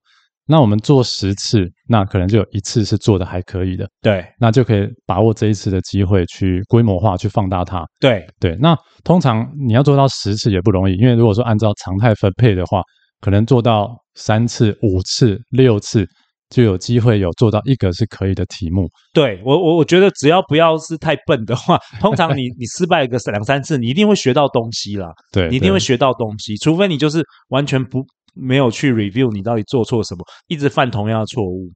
那我們做十次，那可能就有一次是做的還可以的。對，那就可以把握這一次的機會去規模化，去放大它。對對，那通常你要做到十次也不容易，因為如果說按照常態分配的話，可能做到三次、五次、六次。就有機會有做到一個是可以的題目。對，我我我覺得只要不要是太笨的話，通常你你失敗個兩三次， 你一定會學到東西啦。對，你一定會學到東西，除非你就是完全不沒有去 review 你到底做錯什麼，一直犯同樣的錯誤。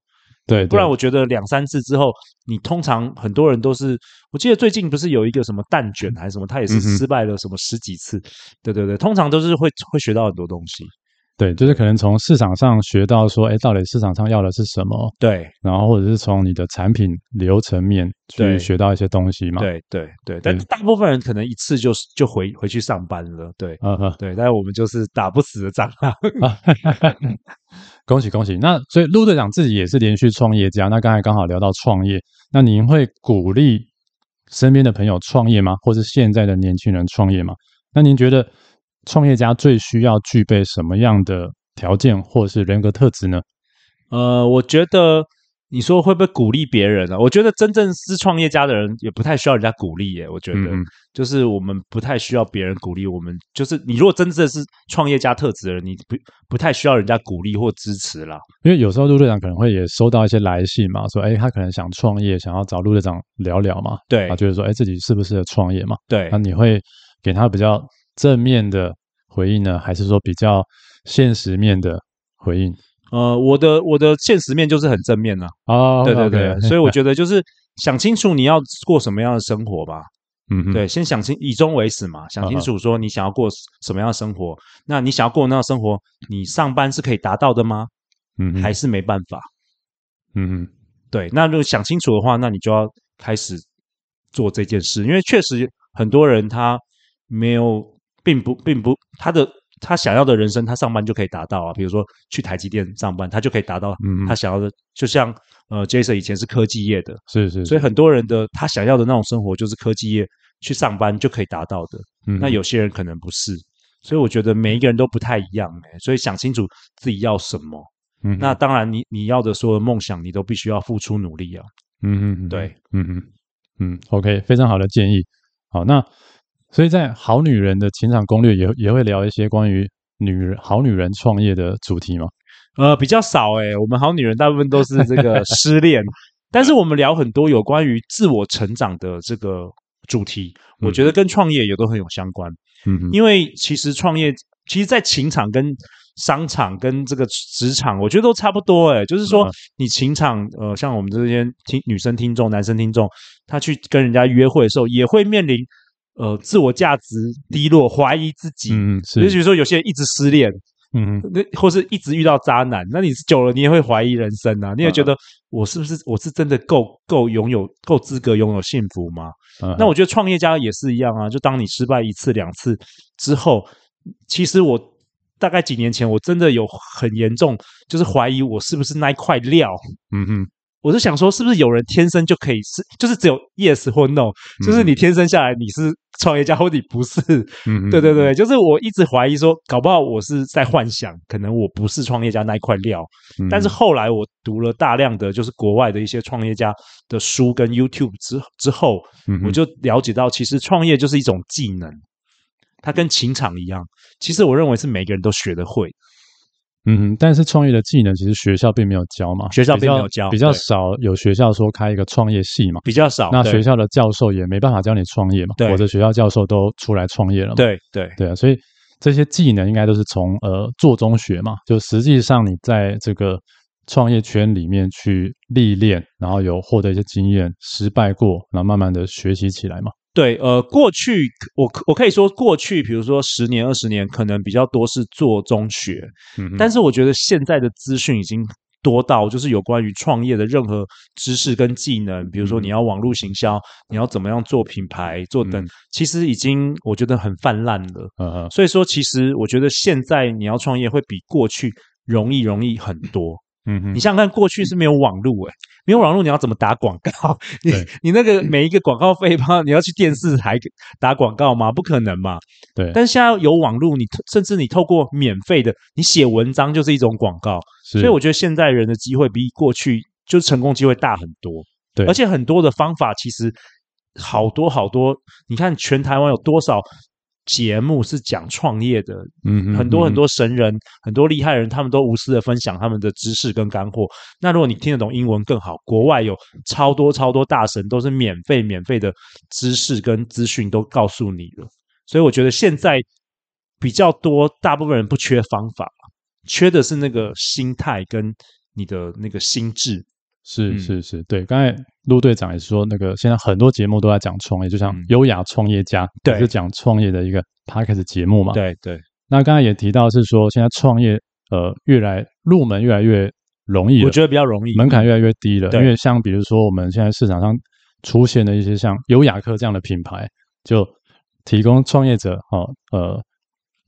對，不然我覺得兩三次之後，你通常很多人都是，我記得最近不是有一個什麼蛋卷還是什麼，他也是失敗了什麼十幾次。嗯、對對對，通常都是會會學到很多東西。對，就是可能從市場上學到說，哎，到底市場上要的是什麼？對，然後或者是從你的產品流程面去學到一些東西嘛？對，對，對。但大部分人可能一次就就回回去上班了。對，嗯、對、嗯。但我們就是打不死的蟑螂。 恭喜恭喜！那所以路隊長自己也是連續創業家。那剛才剛好聊到創業，那您會鼓勵身邊的朋友創業嗎？或是現在的年輕人創業嗎？那您覺得？創業家最需要具備什麼樣的條件或是人格特質呢？呃，我覺得你說會不會鼓勵別人呢、啊？我覺得真正是創業家的人也不太需要人家鼓勵耶、欸。我覺得就是我們不太需要別人鼓勵，我們就是你如果真正是創業家特質的人，你不不太需要人家鼓勵或支持啦。因為有時候陸隊長可能會也收到一些來信嘛，說誒他可能想創業，想要找陸隊長聊聊嘛。對，他覺得說誒自己適不適合創業嘛？對，那、啊、你會給他比較。正面的回應呢，還是說比較現實面的回應？呃，我的我的現實面就是很正面吶、啊。哦、oh，對對對，okay。所以我覺得就是想清楚你要過什麼樣的生活吧。嗯，對，先想清以終為始嘛，想清楚說你想要過什麼樣的生活，嗯、那你想要過那種生活，你上班是可以達到的嗎？嗯，還是沒辦法。嗯嗯，對，那如果想清楚的話，那你就要開始做這件事，因為確實很多人他沒有。並不，並不，他的他想要的人生，他上班就可以達到啊。比如說去台積電上班，他就可以達到，嗯，他想要的。就像呃，Jason 以前是科技業的，是是，是。所以很多人的他想要的那種生活，就是科技業去上班就可以達到的。嗯，那有些人可能不是，所以我覺得每一個人都不太一樣哎、欸。所以想清楚自己要什麼。嗯，那當然你，你你要的所有的夢想，你都必須要付出努力啊。嗯嗯，對，嗯嗯嗯，OK，非常好的建議。好，那。所以在好女人的情場攻略也也會聊一些關於女人好女人創業的主題嗎？呃，比較少誒、欸。我們好女人大部分都是這個失戀， 但是我們聊很多有關於自我成長的這個主題，嗯、我覺得跟創業也都很有相關。嗯，因為其實創業其實在情場、跟商場、跟這個職場，我覺得都差不多誒、欸。就是說，你情場呃，像我們這些聽女生聽眾、男生聽眾，他去跟人家約會的時候，也會面臨。呃，自我價值低落，懷疑自己，就、嗯、比如說有些人一直失戀，嗯，那或是一直遇到渣男，那你久了你也會懷疑人生啊，你也覺得我是不是，我是真的夠夠擁有夠資格擁有幸福嗎？嗯，那我覺得創業家也是一樣啊，就當你失敗一次兩次之後，其實我大概幾年前我真的有很嚴重，就是懷疑我是不是那一塊料，嗯哼。我是想說，是不是有人天生就可以是，就是只有 yes 或 no，就是你天生下來你是創業家、嗯、或你不是、嗯？對對對，就是我一直懷疑說，搞不好我是在幻想，可能我不是創業家那一塊料。嗯、但是後來我讀了大量的就是國外的一些創業家的書跟 YouTube 之之後、嗯，我就了解到，其實創業就是一種技能，它跟情場一樣。其實我認為是每個人都學得會。嗯，但是創業的技能其實學校並沒有教嘛，學校並沒有教，比較，比較少有學校說開一個創業系嘛，比較少。那學校的教授也沒辦法教你創業嘛，我的學校教授都出來創業了嘛。對對對啊，所以這些技能應該都是從呃做中學嘛，就實際上你在這個創業圈裡面去歷練，然後有獲得一些經驗，失敗過，然後慢慢的學習起來嘛。對，呃，過去我我可以說，過去比如說十年、二十年，可能比較多是做中學。嗯哼，但是我覺得現在的資訊已經多到，就是有關於創業的任何知識跟技能，比如說你要網絡行銷，嗯、你要怎麼樣做品牌，做等、嗯，其實已經我覺得很泛濫了。嗯哼，所以說，其實我覺得現在你要創業會比過去容易容易很多。嗯嗯哼，你想想看，過去是沒有網絡、欸、沒有網絡，你要怎麼打廣告？ 你你那個每一個廣告費吧，你要去電視台打廣告嗎？不可能嘛。對，但是現在有網絡，你甚至你透過免費的，你寫文章就是一種廣告。所以我覺得現在人的機會比過去就是成功機會大很多。對，而且很多的方法其實好多好多。你看，全台灣有多少？節目是講創業的，嗯哼嗯哼，很多很多神人，很多厲害人，他們都無私的分享他們的知識跟乾貨。那如果你聽得懂英文更好，國外有超多超多大神，都是免費免費的知識跟資訊都告訴你了。所以我覺得現在比較多，大部分人不缺方法，缺的是那個心態跟你的那個心智。是是是，對，剛才路隊長也說，那個現在很多節目都在講創業，就像《優雅創業家》嗯、對就講創業的一個 Podcast 節目嘛。對對。那剛才也提到是說，現在創業呃，越來入門越來越容易，我覺得比較容易，門檻越來越低了。因為像比如說，我們現在市場上出現的一些像優雅客這樣的品牌，就提供創業者呃。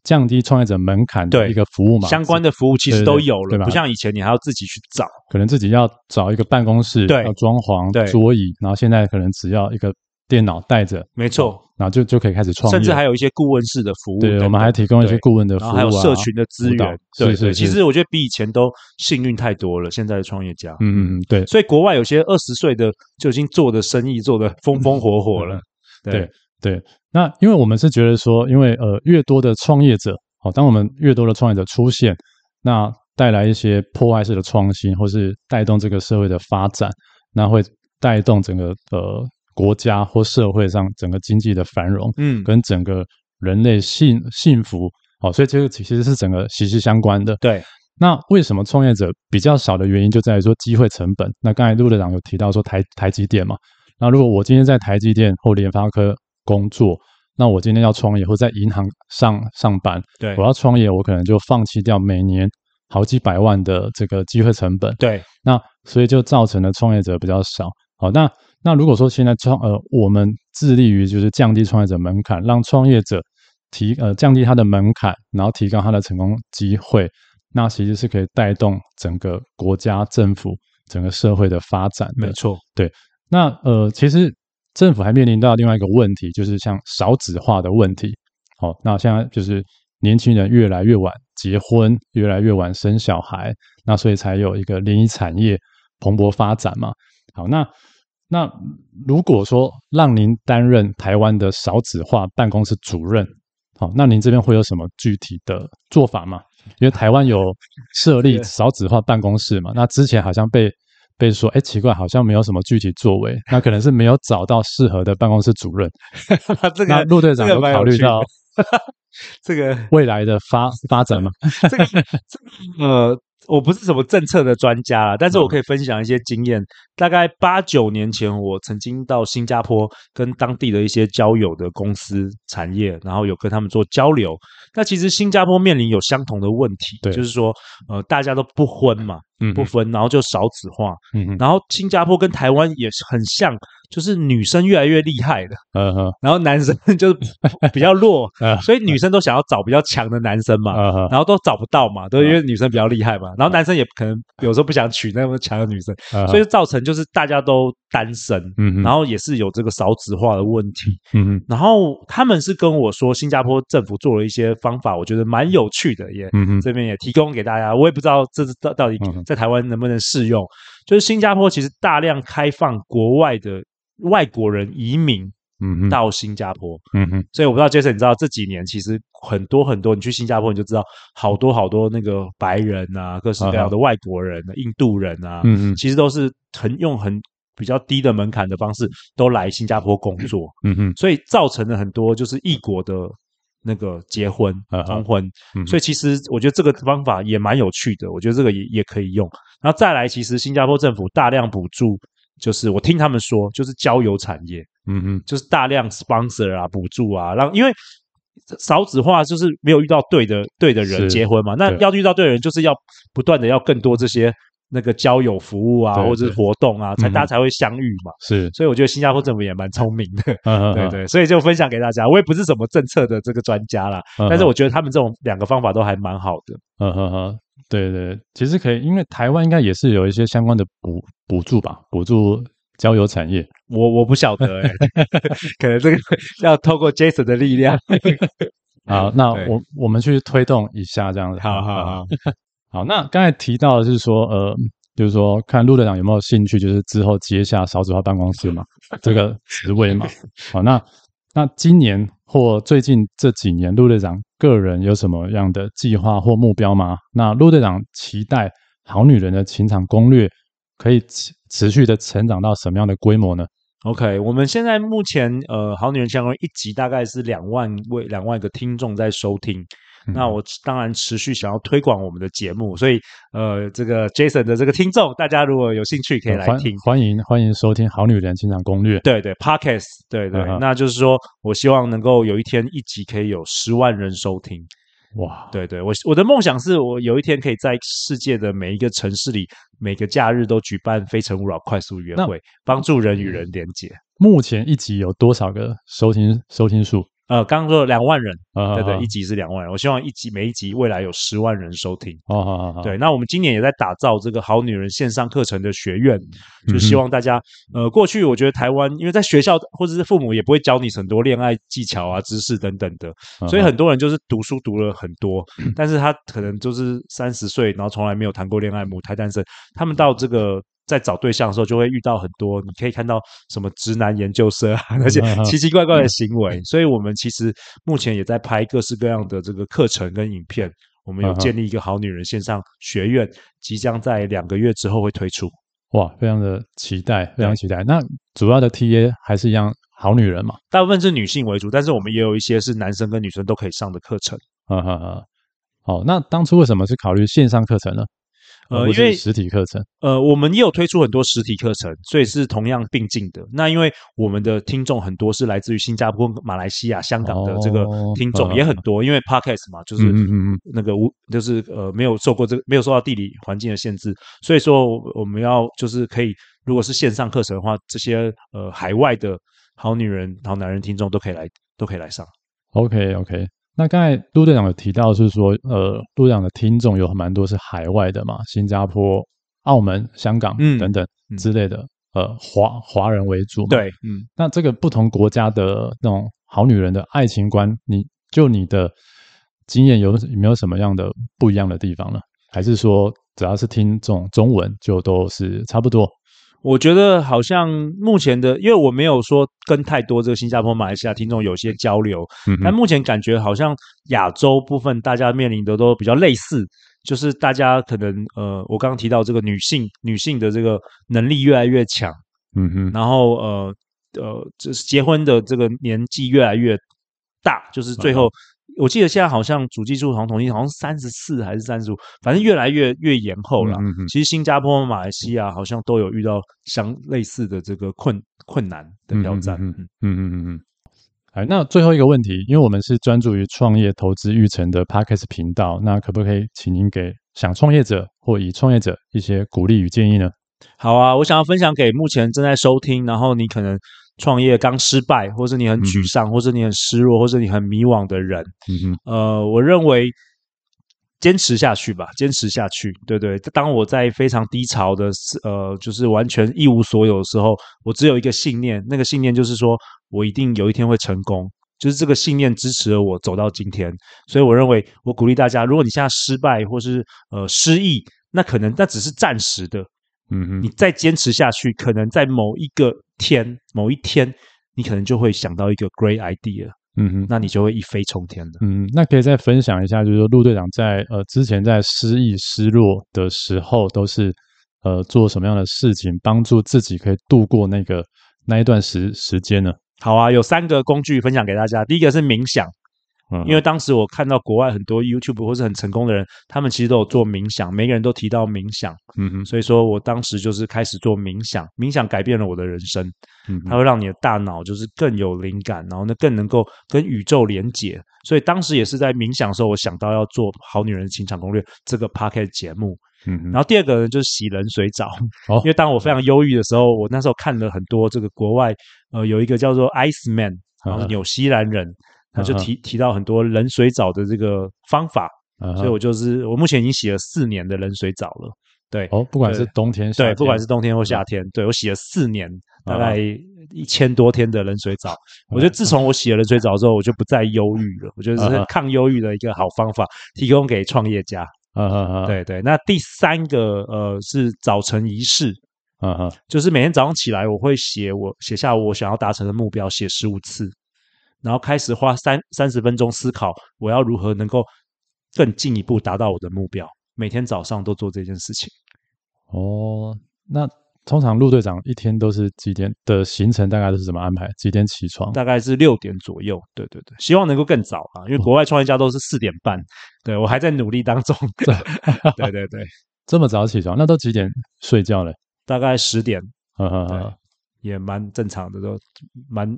降低創業者門檻的一個服務嘛，相關的服務其實都有了對對，不像以前你還要自己去找，可能自己要找一個辦公室，要裝潢對、桌椅，然後現在可能只要一個電腦帶着，沒錯，然後就就可以開始創業。甚至還有一些顧問式的服務，對，對，對，對，對，我們還提供一些顧問的服務、啊、還有社群的資源，啊、導對是是是對。其實我覺得比以前都幸運太多了，現在的創業家，嗯嗯嗯，對。所以國外有些二十歲的就已經做的生意做的風風火火了，對。對，那因為我們是覺得說，因為呃，越多的創業者，好、哦，當我們越多的創業者出現，那帶來一些破壞式的創新，或是帶動這個社會的發展，那會帶動整個呃國家或社會上整個經濟的繁榮，嗯，跟整個人類幸幸福，哦，所以這個其實是整個息息相關的。對，那為什麼創業者比較少的原因，就在於說機會成本。那剛才路隊長有提到說台台積電嘛，那如果我今天在台積電或聯發科。工作，那我今天要創業，或在銀行上上班。對，我要創業，我可能就放棄掉每年好幾百萬的這個機會成本。對，那所以就造成了創業者比較少。好，那那如果說現在創呃，我們致力於就是降低創業者門檻，讓創業者提呃降低他的門檻，然後提高他的成功機會，那其實是可以帶動整個國家、政府、整個社會的發展的。沒錯，對。那呃，其實。政府還面臨到另外一個問題，就是像少子化的問題。好、哦，那現在就是年輕人越來越晚結婚，越來越晚生小孩，那所以才有一個聯誼產業蓬勃發展嘛。好，那那如果說讓您擔任台灣的少子化辦公室主任，好、哦，那您這邊會有什麼具體的做法嗎？因為台灣有設立少子化辦公室嘛， 那之前好像被，被說哎，奇怪，好像沒有什麼具體作為，那可能是沒有找到適合的辦公室主任。那、 啊這個、路隊長有考慮到這個未來的發發展嗎？這個、這個這個、呃，我不是什麼政策的專家，但是我可以分享一些經驗。嗯、大概八九年前，我曾經到新加坡跟當地的一些交友的公司產業，然後有跟他們做交流。那其實新加坡面臨有相同的問題，就是說呃，大家都不婚嘛。不分，然後就少子化。嗯、然後新加坡跟台灣也很像，就是女生越來越厲害的、嗯，然後男生就是比較弱、嗯，所以女生都想要找比較強的男生嘛、嗯，然後都找不到嘛，都、嗯、因為女生比較厲害嘛。然後男生也可能有時候不想娶那麼強的女生、嗯，所以造成就是大家都單身、嗯，然後也是有這個少子化的問題。嗯，然後他們是跟我說，新加坡政府做了一些方法，我覺得蠻有趣的，也、嗯、這邊也提供給大家。我也不知道這是到到底在台灣能不能適用？就是新加坡其實大量開放國外的外國人移民，嗯嗯，到新加坡，嗯嗯，所以我不知道 Jason 你知道這幾年其實很多很多，你去新加坡你就知道，好多好多那個白人啊，各式各樣的外國人、啊嗯、印度人啊，嗯嗯，其實都是很用很比較低的門檻的方式都來新加坡工作，嗯嗯，所以造成了很多就是異國的。那個結婚，同婚，呵呵，所以其實我覺得這個方法也蠻有趣的，嗯、我覺得這個也也可以用。然後再來，其實新加坡政府大量補助，就是我聽他們說，就是交友產業，嗯嗯，就是大量 sponsor 啊，補助啊，讓因為少子化就是沒有遇到對的對的人結婚嘛，那要遇到對的人，就是要不斷的要更多這些。那個交友服務啊，對對或者是活動啊，才大家才會相遇嘛。是、嗯，所以我覺得新加坡政府也蠻聰明的。 對對、嗯哼哼，所以就分享給大家。我也不是什麼政策的這個專家啦、嗯，但是我覺得他們這種兩個方法都還蠻好的。嗯哼哼，對對，其實可以，因為台灣應該也是有一些相關的補補助吧，補助交友產業。我我不曉得、欸，哎， 可能這個要透過 Jason 的力量 好，那我我們去推動一下這樣子。 好好好。 好，那剛才提到的是說，呃，就是說，看路隊長有沒有興趣，就是之後接下少子化辦公室嘛 這個職位嘛。好，那那今年或最近這幾年，路隊長個人有什麼樣的計劃或目標嗎？那路隊長期待《好女人的情場攻略》可以持持續的成長到什麼樣的規模呢？OK，我們現在目前呃，《好女人》相關一集大概是兩萬位，兩萬個聽眾在收聽。那我當然持續想要推廣我們的節目，所以呃，這個 Jason 的這個聽眾，大家如果有興趣可以來聽，嗯、歡，歡迎歡迎收聽《好女人情場攻略》，對。對 Podcast, 對 Podcast 對對，那就是說，我希望能夠有一天一集可以有十萬人收聽。哇，對對，我我的夢想是我有一天可以在世界的每一個城市裡，每個假日都舉辦《非誠勿擾》快速約會，幫助人與人連接、嗯。目前一集有多少個收聽收聽數？呃，剛剛說兩萬人，對對，uh -huh. 一集是兩萬人。我希望一集每一集未來有十萬人收聽。Uh -huh. 對，uh -huh. 那我們今年也在打造這個好女人線上課程的學院，就希望大家，uh -huh. 呃，過去我覺得台灣因為在學校或者是父母也不會教你很多戀愛技巧啊、知識等等的，uh -huh. 所以很多人就是讀書讀了很多，但是他可能就是三十歲，然後從來沒有談過戀愛，母胎單身，他們到這個。在找對象的時候，就會遇到很多，你可以看到什麼直男研究生啊， 那些奇奇怪怪怪的行為。所以，我們其實目前也在拍各式各樣的這個課程跟影片。我們有建立一個好女人線上學院，即將在兩個月之後會推出。哇，非常的期待，非常期待。那主要的 T A 還是一樣好女人嘛？大部分是女性為主，但是我們也有一些是男生跟女生都可以上的課程。啊啊啊！好，好，那當初為什麼是考慮線上課程呢？呃，因為實體課程，呃，我們也有推出很多實體課程，所以是同樣並進的。那因為我們的聽眾很多是來自於新加坡、馬來西亞、香港的這個聽眾也很多，哦、很多，因為 podcast 嘛，嗯、就是那個無，就是呃，沒有受過這個，沒有受到地理環境的限制，所以說我們要就是可以，如果是線上課程的話，這些呃海外的好女人、好男人聽眾都可以來，都可以來上。OK OK。那剛才路隊長有提到是說，呃，路隊長的聽眾有很蠻多是海外的嘛，新加坡、澳門、香港等等之類的，嗯嗯、呃，華華人為主嘛。對，嗯。那這個不同國家的那種好女人的愛情觀，你就你的經驗有有沒有什麼樣的不一樣的地方呢？還是說只要是聽這種中文，就都是差不多？我覺得好像目前的，因為我沒有說跟太多這個新加坡、馬來西亞聽眾有些交流，嗯，但目前感覺好像亞洲部分大家面臨的都比較類似，就是大家可能呃，我剛剛提到這個女性，女性的這個能力越來越強，嗯嗯，然後呃呃，就，呃，是結婚的這個年紀越來越大，就是最後，嗯。我記得現在好像主技術同統計，好像三十四還是三十五，反正越來越越延後了，嗯。其實新加坡、馬來西亞好像都有遇到相類似的這個困困難的挑戰。嗯嗯嗯嗯。哎，那最後一個問題，因為我們是專注於創業投資育成的 podcast 頻道，那可不可以請您給想創業者或已創業者一些鼓勵與建議呢？好啊，我想要分享給目前正在收聽，然後你可能。創業剛失敗，或者你很沮喪，嗯、或者你很失落，或者你很迷惘的人，嗯哼，呃，我認為堅持下去吧，堅持下去，對對，當我在非常低潮的，呃，就是完全一無所有的時候，我只有一個信念，那個信念就是說我一定有一天會成功，就是這個信念支持了我走到今天。所以，我認為我鼓勵大家，如果你現在失敗，或是呃失意，那可能那只是暫時的。嗯，你再堅持下去，嗯，可能在某一個天，某一天，你可能就會想到一個 great idea。嗯哼，那你就會一飛衝天了。嗯，那可以再分享一下，就是說陸隊長在呃之前在失意、失落的時候，都是呃做什麼樣的事情幫助自己可以度過那個那一段時時間呢？好啊，有三個工具分享給大家。第一個是冥想。因為當時我看到國外很多 YouTube 或是很成功的人，他們其實都有做冥想，每個人都提到冥想。嗯哼，所以說我當時就是開始做冥想，冥想改變了我的人生。嗯，它會讓你的大腦就是更有靈感，然後呢，更能夠跟宇宙連接。所以當時也是在冥想的時候，我想到要做好女人的情場攻略這個 Podcast 節目。嗯哼，然後第二個呢，就是洗冷水澡，哦，因為當我非常憂鬱的時候，我那時候看了很多這個國外呃有一個叫做 Ice Man，然後紐西蘭人。嗯他就提提到很多冷水澡的這個方法，uh -huh. 所以我就是我目前已經洗了四年的冷水澡了。對，哦，不管是冬天，天對，不管是冬天或夏天，uh -huh. 對我洗了四年，大概一千多天的冷水澡。Uh -huh. 我覺得自從我洗了冷水澡之後，我就不再憂鬱了。我覺得這是抗憂鬱的一個好方法，提供給創業家。啊啊啊！對對，那第三個呃是早晨儀式，啊啊，就是每天早上起來，我會寫我寫下我想要達成的目標，寫十五次。然後開始花三三十分鐘思考，我要如何能夠更進一步達到我的目標。每天早上都做這件事情。哦，那通常陸隊長一天都是幾點的行程？大概都是怎麼安排？幾點起床？大概是六點左右。對對對，希望能夠更早啊，因為國外創業家都是四點半。哦、對我還在努力當中。 對，對對對，這麼早起床，那都幾點睡覺了？大概十點。哈哈。也蠻正常的，都蠻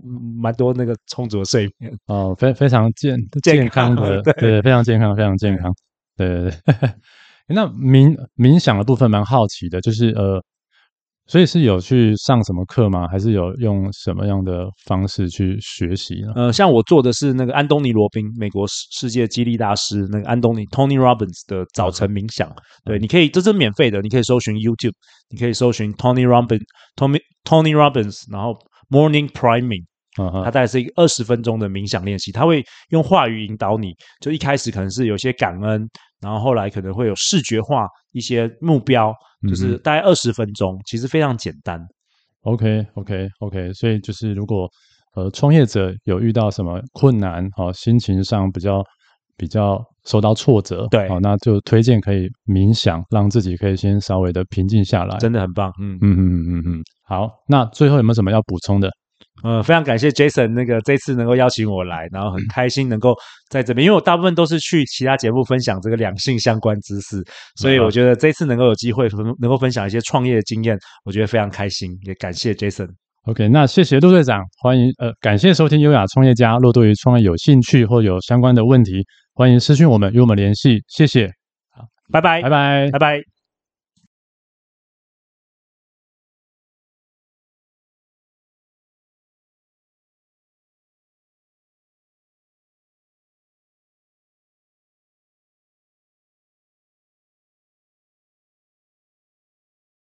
蠻多那個充足的睡眠哦，非非常健康健康的對對，對，非常健康，非常健康。對，對，對，呵呵，那冥冥想的部分蠻好奇的，就是呃。所以是有去上什麼課嗎？還是有用什麼樣的方式去學習呢？呃，像我做的是那個安東尼·羅賓，美國世世界激勵大師，那個安東尼 （Tony Robbins） 的早晨冥想、嗯。對，你可以，這是免費的，你可以搜尋 YouTube，你可以搜尋 Tony Robbins，Tony Tony Robbins，然後 Morning Priming，它大概是一個二十分鐘的冥想練習，他會用話語引導你，就一開始可能是有些感恩。然後後來可能會有視覺化一些目標，就是大概二十分鐘、嗯，其實非常簡單。OK OK OK，所以就是如果呃創業者有遇到什麼困難，哈、哦，心情上比較比較受到挫折，對，好、哦，那就推薦可以冥想，讓自己可以先稍微的平靜下來。真的很棒，嗯嗯哼嗯嗯嗯。好，那最後有沒有什麼要補充的？嗯，非常感謝 Jason 那個這次能夠邀請我來，然後很開心能夠在這邊，因為我大部分都是去其他節目分享這個兩性相關知識，所以我覺得這次能夠有機會能夠分享一些創業經驗，我覺得非常開心，也感謝 Jason。OK，那謝謝路隊長，歡迎呃，感謝收聽《優雅創業家》，若對於創業有興趣或有相關的問題，歡迎私訊我們與我們聯繫，謝謝，好，拜拜，拜拜，拜拜。